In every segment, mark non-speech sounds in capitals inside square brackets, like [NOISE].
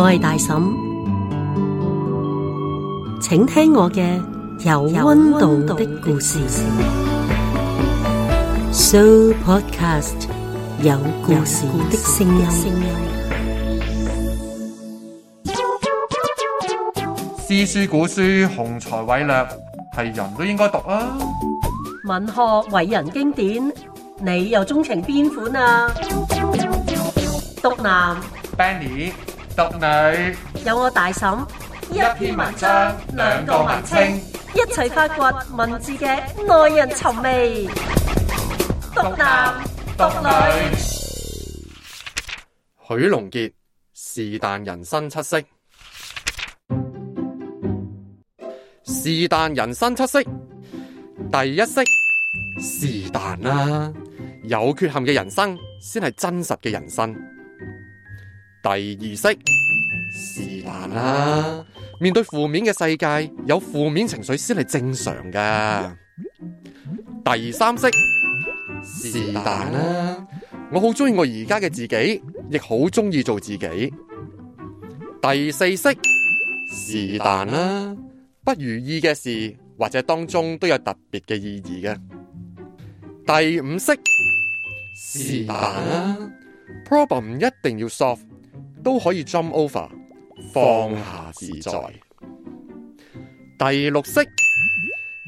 我係大嬸，請聽我嘅有溫度的故事。So podcast 有故事的聲音。詩書古書，雄才偉略，係人都應該讀啊！文學偉人經典，你又鍾情邊款啊？讀男，Benny。讀女有我大嬸，一篇文章兩個文稱，一齊發掘文字嘅耐人尋味。讀男讀女，讀讀女許龍杰，是但人生七色。是但人生七色，第一色是但啦，有缺陷嘅人生先係真實嘅人生。第二式是但啦，面對負面嘅世界，有負面情緒先係正常㗎。第三式是但啦，我好中意我而家嘅自己，亦好中意做自己。第四式是但啦，不如意嘅事或者當中都有特別嘅意義嘅。第五式是但啦，problem 一定要 solve。都可以 jump over，放下自在。自在第六式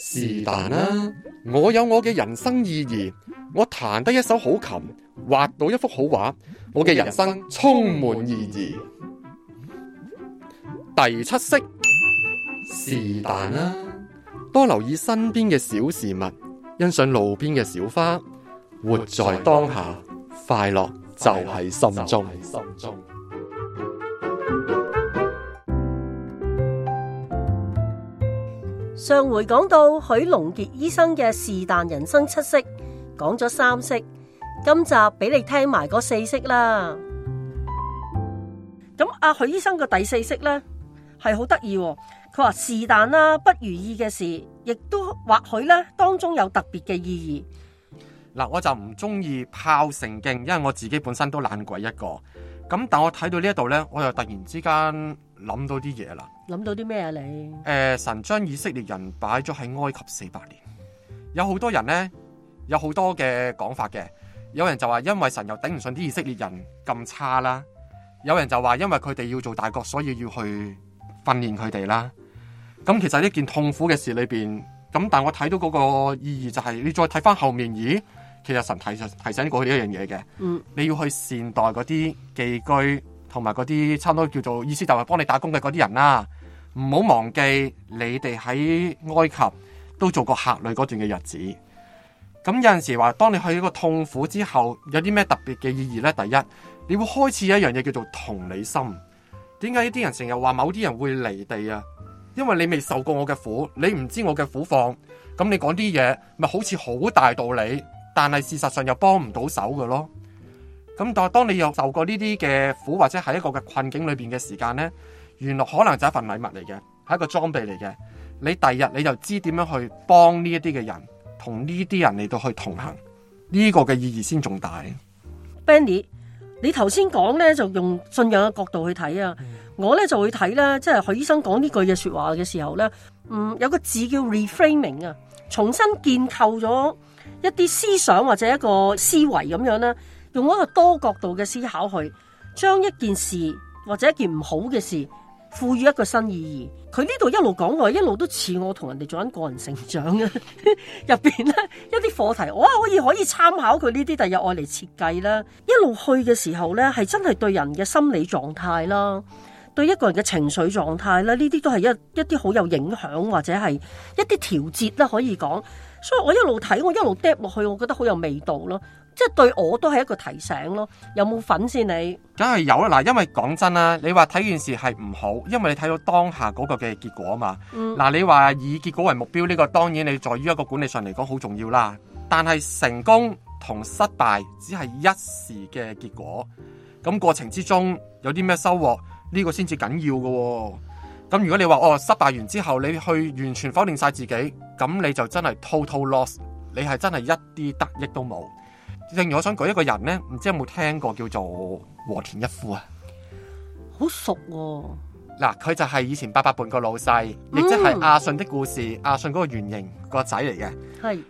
是但啦，我有我嘅人生意義，我彈得一首好琴，畫到一幅好畫，我嘅人生充滿意義。意義第七式是但啦，多留意身邊嘅小事物，欣賞路邊嘅小花，活在當下，快樂就喺心中。上回講到許龍杰醫生嘅是但人生七色，講咗三色，今集俾你聽埋嗰四色啦。咁阿、啊、許醫生個第四色呢，係好得意，佢話是但啦、啊，不如意嘅事，亦都或許呢，當中有特別嘅意義。嗱，我就唔中意拋聖經，因為我自己本身都懶鬼一個。咁但我睇到呢一度呢，我就突然之間諗到啲嘢啦。諗到啲咩啊你？你誒、呃，神將以色列人擺咗喺埃及四百年，有好多人呢，有好多嘅講法嘅。有人就話因為神又頂唔順啲以色列人咁差啦，有人就話因為佢哋要做大國，所以要去訓練佢哋啦。咁其實呢件痛苦嘅事裏邊，咁但我睇到嗰個意義就係、是、你再睇翻後面咦，其實神提就提醒過呢一樣嘢嘅，嗯、你要去善待嗰啲寄居。同埋嗰啲差唔多叫做意思就係幫你打工嘅嗰啲人啦、啊，唔好忘記你哋喺埃及都做過客旅嗰段嘅日子。咁有陣時話，當你去一個痛苦之後，有啲咩特別嘅意義呢？第一，你會開始一樣嘢叫做同理心。點解呢啲人成日話某啲人會離地啊？因為你未受過我嘅苦，你唔知我嘅苦況。咁你講啲嘢，咪好似好大道理，但係事實上又幫唔到手嘅咯。咁但係當你又受過呢啲嘅苦或者喺一個嘅困境裏邊嘅時間咧，原來可能就一份禮物嚟嘅，係一個裝備嚟嘅。你第日你就知點樣去幫呢一啲嘅人，同呢啲人嚟到去同行，呢個嘅意義先重大。Benny，你頭先講咧就用信仰嘅角度去睇啊，我咧就會睇咧，即係許醫生講呢句嘅說話嘅時候咧，嗯，有個字叫 reframing 啊，重新建構咗一啲思想或者一個思維咁樣咧。用一個多角度嘅思考去將一件事或者一件唔好嘅事賦予一個新意義。佢呢度一路講，我一路都似我同人哋做緊個人成長啊！入邊咧一啲課題，我可以可以參考佢呢啲，第日愛嚟設計啦。一路去嘅時候呢，係真係對人嘅心理狀態啦，對一個人嘅情緒狀態啦，呢啲都係一一啲好有影響或者係一啲調節啦，可以講。所以我一路睇，我一路嗒落去，我覺得好有味道咯。即係對我都係一個提醒咯，有冇粉絲先？你梗係有啦，嗱，因為講真啦，你話睇件事係唔好，因為你睇到當下嗰個嘅結果啊嘛。嗱、嗯，你話以結果為目標呢、這個，當然你在於一個管理上嚟講好重要啦。但係成功同失敗只係一時嘅結果，咁過程之中有啲咩收穫呢、這個先至緊要嘅、哦。咁如果你話哦失敗完之後你去完全否定晒自己，咁你就真係 total loss，你係真係一啲得益都冇。例如我想舉一個人呢唔知有冇聽過叫做和田一夫啊？好熟喎！嗱，佢就係以前八百半個老細，亦即係阿信的故事，阿信嗰個原型個仔嚟嘅。係是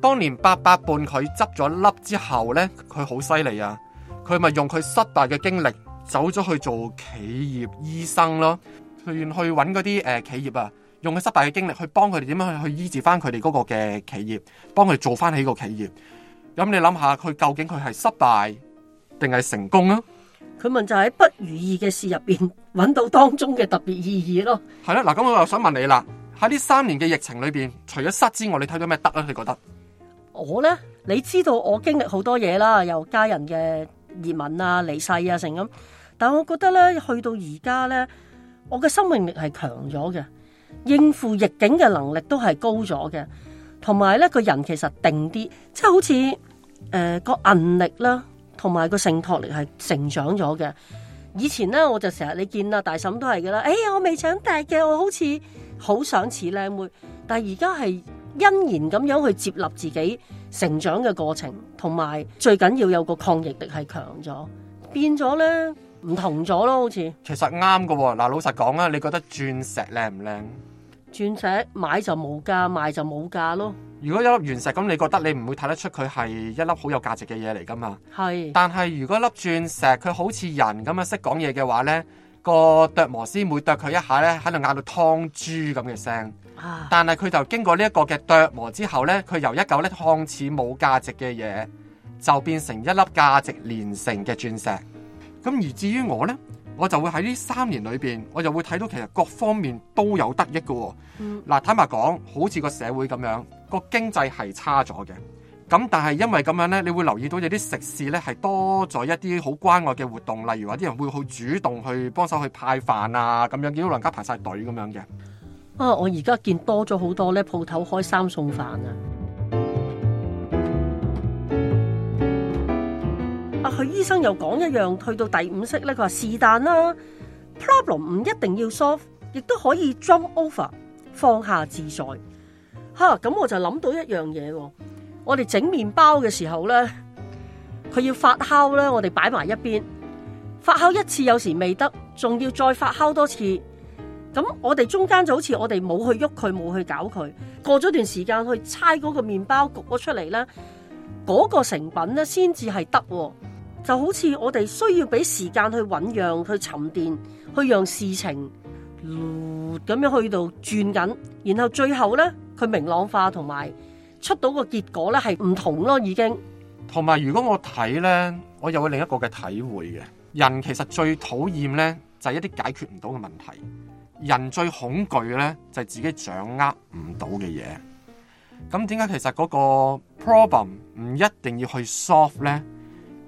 當年八百半佢執咗粒之後呢，佢好犀利啊！佢咪用佢失敗嘅經歷，走咗去做企業醫生咯，去去揾嗰啲誒企業啊，用佢失敗嘅經歷去幫佢哋點樣去去醫治翻佢哋嗰個嘅企業，幫佢做翻起個企業。咁你諗下佢究竟佢係失敗定係成功啊？佢問就喺不如意嘅事入邊揾到當中嘅特別意義咯。係啦，嗱，咁我又想問你啦，喺呢三年嘅疫情裏邊，除咗失之外，你睇到咩得咧？你覺得我咧？你知道我經歷好多嘢啦，又家人嘅移民啊、離世啊，成咁，但係我覺得咧，去到而家咧，我嘅生命力係強咗嘅，應付逆境嘅能力都係高咗嘅，同埋咧個人其實定啲，即係好似。誒，個韌力啦，同埋個承托力係成長咗嘅。以前咧，我就成日你見阿大嬸都係嘅啦。哎呀，我未長大嘅，我好似好想似靚妹。但係而家係欣然咁樣去接納自己成長嘅過程，同埋最緊要有個抗逆力係強咗，變咗咧唔同咗咯，好似。其實啱嘅。嗱，老實講啊，你覺得鑽石靚唔靚？鑽石買就冇價，賣就冇價咯。如果一粒原石，咁你覺得你唔會睇得出佢係一粒好有價值嘅嘢嚟㗎嘛。係是。但係如果粒鑽石佢好似人咁樣識講嘢嘅話呢，呢個琢磨師，每啄佢一下呢，喺度嗌,到劏豬咁嘅聲。唉但係佢就經過呢一個嘅琢磨之後呢，佢由一嚿呢，看似冇價值嘅嘢，就變成一粒價值連城嘅鑽石。咁而至於我呢？我就會喺呢三年裏邊，我就會睇到其實各方面都有得益嘅，哦。嗱、嗯，坦白講，好似個社會咁樣，個經濟係差咗嘅。咁但係因為咁樣呢，你會留意到有啲食肆呢係多咗一啲好關愛嘅活動，例如話啲人會好主動去幫手去派飯啊，咁樣見到老人家排晒隊咁樣嘅。啊，我而家見多咗好多呢，鋪頭開三餸飯啊！佢醫生又講一樣，去到第五式咧，佢話是但啦。problem 唔一定要 solve，亦都可以 jump over，放下自在。吓，咁我就諗到一樣嘢，我哋整麵包嘅時候咧，佢要發酵咧，我哋擺埋一邊，發酵一次有時未得，仲要再發酵多次。咁我哋中間就好似我哋冇去喐佢，冇去搞佢，過咗段時間去猜嗰個麵包焗咗出嚟咧，嗰、嗰個成品咧先至係得。就好似我哋需要俾時間去醞釀、去沉澱、去讓事情咁樣去到轉緊，然後最後呢，佢明朗化同埋出到個結果呢係唔同咯，已經同。同埋如果我睇呢，我有另一個嘅體會嘅，人其實最討厭呢就係、是、一啲解決唔到嘅問題，人最恐懼呢就係、是、自己掌握唔到嘅嘢。咁點解其實嗰個 problem 唔一定要去 solve 呢？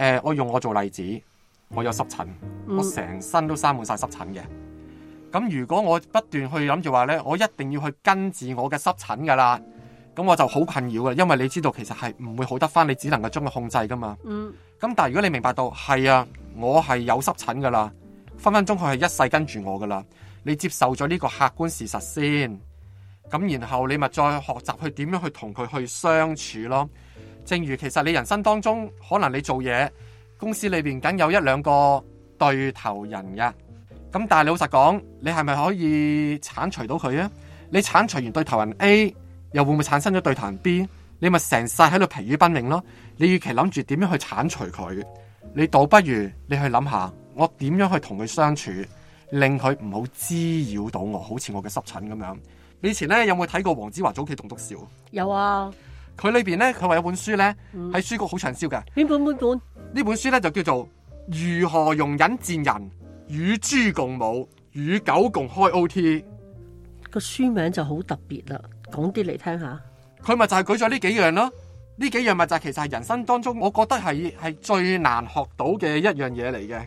誒、呃，我用我做例子，我有濕疹，我成身都生滿晒濕疹嘅。咁如果我不斷去諗住話呢，我一定要去根治我嘅濕疹噶啦，咁我就好困擾噶，因為你知道其實係唔會好得翻，你只能夠將佢控制噶嘛。咁但係如果你明白到係啊，我係有濕疹噶啦，分分鐘佢係一世跟住我噶啦，你接受咗呢個客觀事實先，咁然後你咪再學習去點樣去同佢去相處咯。正如其實你人生當中，可能你做嘢，公司裏邊僅有一兩個對頭人嘅，咁但係老實講，你係咪可以鏟除到佢啊？你鏟除完對頭人 A，又會唔會產生咗對頭人 B？你咪成世喺度疲於奔命咯。你與其諗住點樣去鏟除佢，你倒不如你去諗下，我點樣去同佢相處，令佢唔好滋擾到我，好似我嘅濕疹咁樣。你以前咧有冇睇過黃子華早期企棟篤笑？有啊。佢裏邊咧，佢話有本書咧，喺、嗯、書局好暢銷嘅。一本本本呢本書咧就叫做《如何容忍賤人與豬共舞與狗共開 OT》。個書名就好特別啦，講啲嚟聽下。佢咪就係舉咗呢幾樣咯，呢幾樣咪就係其實係人生當中，我覺得係係最難學到嘅一樣嘢嚟嘅。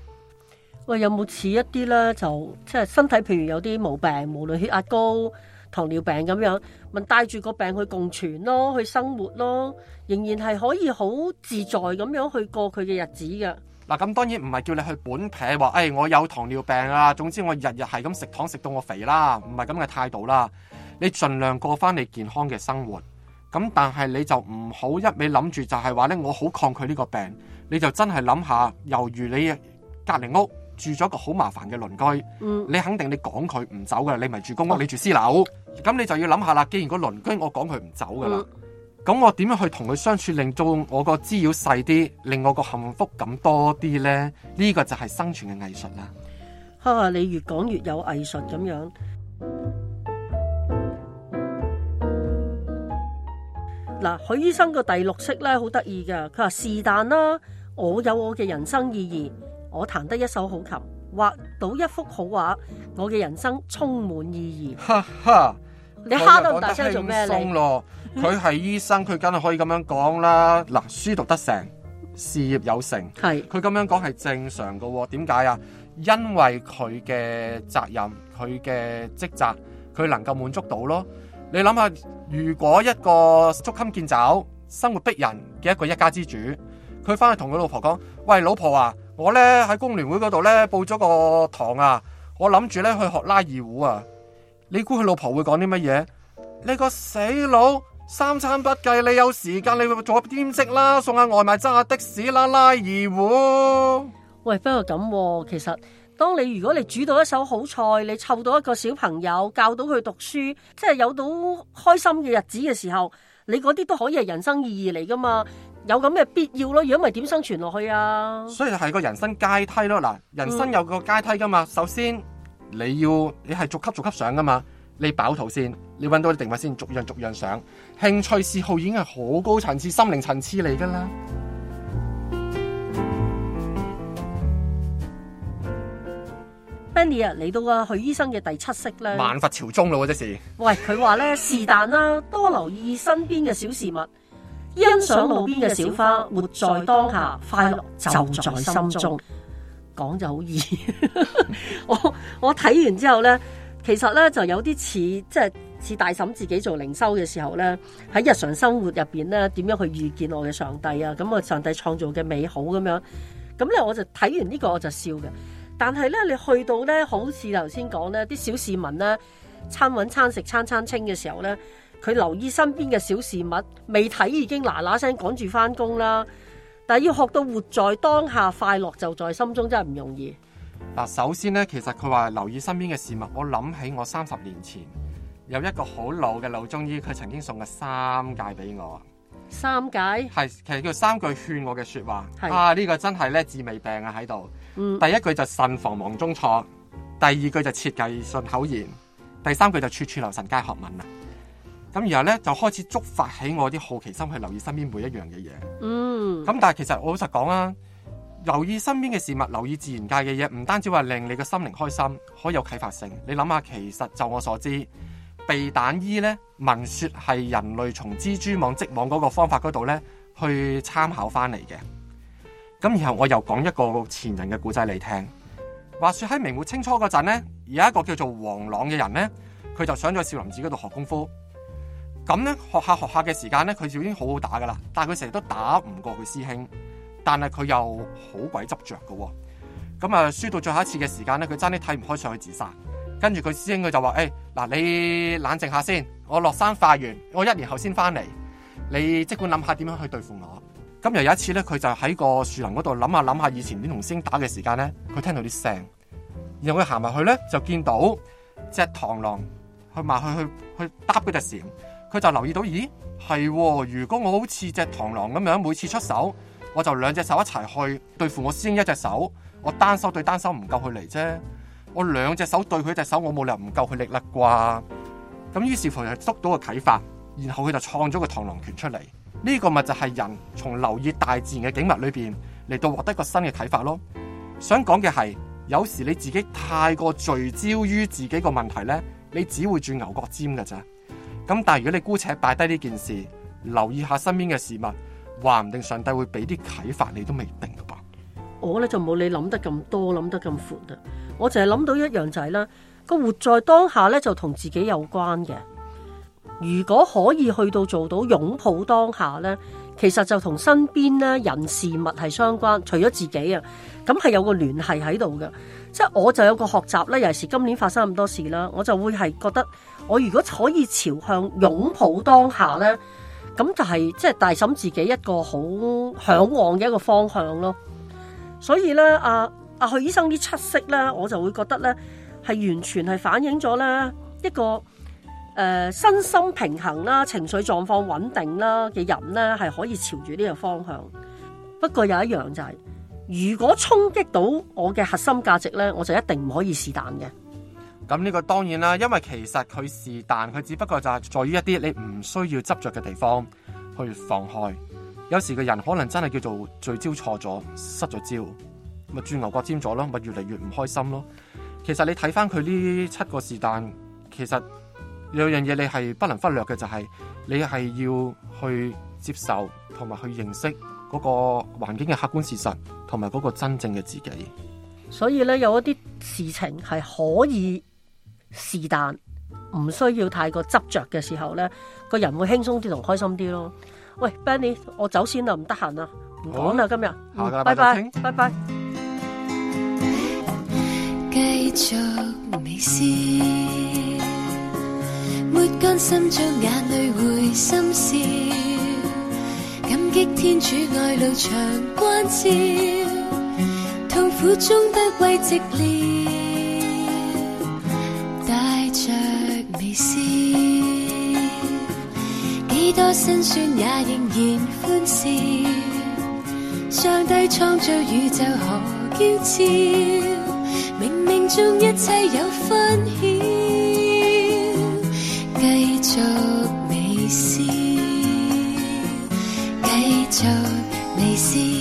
喂，有冇似一啲咧？就即係身體譬如有啲毛病，無論血壓高，糖尿病咁樣，咪帶住個病去共存咯，去生活咯，仍然係可以好自在咁樣去過佢嘅日子嘅。嗱，咁當然唔係叫你去本撇話，誒、哎，我有糖尿病啊，總之我日日係咁食糖食到我肥啦，唔係咁嘅態度啦。你盡量過翻你健康嘅生活，咁但係你就唔好一味諗住就係話咧，我好抗拒呢個病，你就真係諗下，猶如你隔籬屋住咗個好麻煩嘅鄰居，嗯、你肯定你趕佢唔走噶，你咪住公屋，哦、你住私樓，咁你就要諗下啦。既然個鄰居我趕佢唔走噶啦，咁、嗯、我點樣去同佢相處，令到我個滋擾細啲，令我個幸福感多啲呢？呢、這個就係生存嘅藝術啦。哈、啊，你越講越有藝術咁樣。嗱、啊，許醫生個第六式咧，好得意噶。佢話是但啦，我有我嘅人生意義。我彈得一手好琴，畫到一幅好畫，我嘅人生充滿意義。哈哈， [LAUGHS] 你蝦到大聲做咩咧？佢係醫生，佢梗係可以咁樣講啦。嗱， [LAUGHS] 書讀得成，事業有成，係佢咁樣講係正常㗎。點解啊？因為佢嘅責任，佢嘅職責，佢能夠滿足到咯。你諗下，如果一個捉襟見肘、生活逼人嘅一個一家之主，佢翻去同佢老婆講：喂，老婆啊！我呢，喺工聯會嗰度呢，報咗個堂啊，我諗住呢，去學拉二胡啊。你估佢老婆會講啲乜嘢？你個死佬三餐不計，你有時間你會做下兼職啦，送下外賣、揸下的士啦，拉二胡。喂，不過咁喎、啊，其實當你如果你煮到一手好菜，你湊到一個小朋友，教到佢讀書，即係有到開心嘅日子嘅時候，你嗰啲都可以係人生意義嚟噶嘛。有咁嘅必要咯，如果唔係點生存落去啊？所以係個人生階梯咯，嗱，人生有個階梯噶嘛。嗯、首先你要你係逐級逐級上噶嘛，你飽肚先飽，你搵到啲定位先，逐樣逐樣上。興趣嗜好已經係好高層次、心靈層次嚟噶啦。Benny 啊，嚟到啊，許醫生嘅第七式咧，萬佛朝宗咯、啊，即是。喂，佢話咧是但啦，多留意身邊嘅小事物。欣賞路邊嘅小花，活在當下，快樂就在心中。講就好易， [LAUGHS] 我我睇完之後呢，其實呢就有啲似，即係似大嬸自己做靈修嘅時候呢，喺日常生活入邊呢點樣去遇見我嘅上帝啊？咁啊，上帝創造嘅美好咁樣，咁呢，我就睇完呢個我就笑嘅。但係呢，你去到呢，好似頭先講呢啲小市民呢，餐揾餐食，餐餐清嘅時候呢。佢留意身邊嘅小事物，未睇已經嗱嗱聲趕住翻工啦。但係要學到活在當下，快樂就在心中，真係唔容易嗱。首先咧，其實佢話留意身邊嘅事物，我諗起我三十年前有一個好老嘅老中醫，佢曾經送過三戒俾我，三戒係其實叫三句勸我嘅説話是啊。呢、這個真係咧治未病啊喺度。在嗯、第一句就慎防忙中錯，第二句就設計信口言，第三句就處處留神皆學問啊。咁然後咧就開始觸發起我啲好奇心，去留意身邊每一樣嘅嘢。嗯，咁但係其實我老實講啊，留意身邊嘅事物，留意自然界嘅嘢，唔單止話令你嘅心靈開心，可以有啟發性。你諗下，其實就我所知，避彈衣咧聞説係人類從蜘蛛網織網嗰個方法嗰度咧去參考翻嚟嘅。咁然後我又講一個前人嘅故仔你聽。話説喺明末清初嗰陣咧，有一個叫做黃朗嘅人呢，佢就上咗少林寺嗰度學功夫。.咁咧，學下學下嘅時間咧，佢就已經好好打噶啦。但係佢成日都打唔過佢師兄，但係佢又好鬼執著噶。咁啊，輸到最後一次嘅時間咧，佢真係睇唔開，上去自殺。跟住佢師兄，佢就話，誒嗱，你冷靜下先，我落山化完，我一年後先翻嚟。你即管諗下點樣去對付我。咁又有一次咧，佢就喺個樹林嗰度諗下諗下以前啲同星打嘅時間咧，佢聽到啲聲，然後佢行埋去咧就見到隻螳螂去埋去去去搭隻蟬。佢就留意到，咦，係如果我好似隻螳螂咁樣，每次出手，我就兩隻手一齊去對付我師兄一隻手，我單手對單手唔夠佢嚟啫，我兩隻手對佢一隻手，我冇理由唔夠佢力啦啩？咁於是乎就捉到個啟發，然後佢就創咗個螳螂拳出嚟。呢、這個咪就係人從留意大自然嘅景物裏邊嚟到獲得個新嘅啟發咯。想講嘅係，有時你自己太過聚焦於自己個問題呢，你只會鑽牛角尖噶咋。咁但係如果你姑且擺低呢件事，留意下身邊嘅事物，話唔定上帝會俾啲啟發你都未定噶噃。我咧就冇你諗得咁多諗得咁闊啊，我淨係諗到一樣就係、是、啦，個活在當下咧就同自己有關嘅。如果可以去到做到擁抱當下咧，其實就同身邊呢人事物係相關，除咗自己啊，咁係有個聯繫喺度嘅。即、就、係、是、我就有個學習咧，尤其是今年發生咁多事啦，我就會係覺得。我如果可以朝向擁抱當下呢，咁就係即係大心自己一個好向往嘅一個方向咯。所以呢，阿、啊、阿、啊、許醫生啲出色呢，我就會覺得呢係完全係反映咗呢一個誒、呃、身心平衡啦、情緒狀況穩定啦嘅人呢，係可以朝住呢個方向。不過有一樣就係、是，如果衝擊到我嘅核心價值呢，我就一定唔可以是但嘅。咁呢個當然啦，因為其實佢是但，佢只不過就係在於一啲你唔需要執着嘅地方去放開。有時個人可能真係叫做聚焦錯咗，失咗焦，咪轉牛角尖咗咯，咪越嚟越唔開心咯。其實你睇翻佢呢七個是但，其實有樣嘢你係不能忽略嘅，就係、是、你係要去接受同埋去認識嗰個環境嘅客觀事實，同埋嗰個真正嘅自己。所以咧，有一啲事情係可以。是但唔需要太過執着嘅時候咧，個人會輕鬆啲同開心啲咯。喂，Benny，我走先啦，唔得閒啦，唔講啦今日，拜拜，拜拜，繼續微笑，抹乾心中眼淚回心笑，感激天主愛路長關照，痛苦中不畏寂寥。幾多辛酸也仍然歡笑，上帝創造宇宙何嬌俏，冥冥中一切有分曉，繼續微笑，繼續微笑。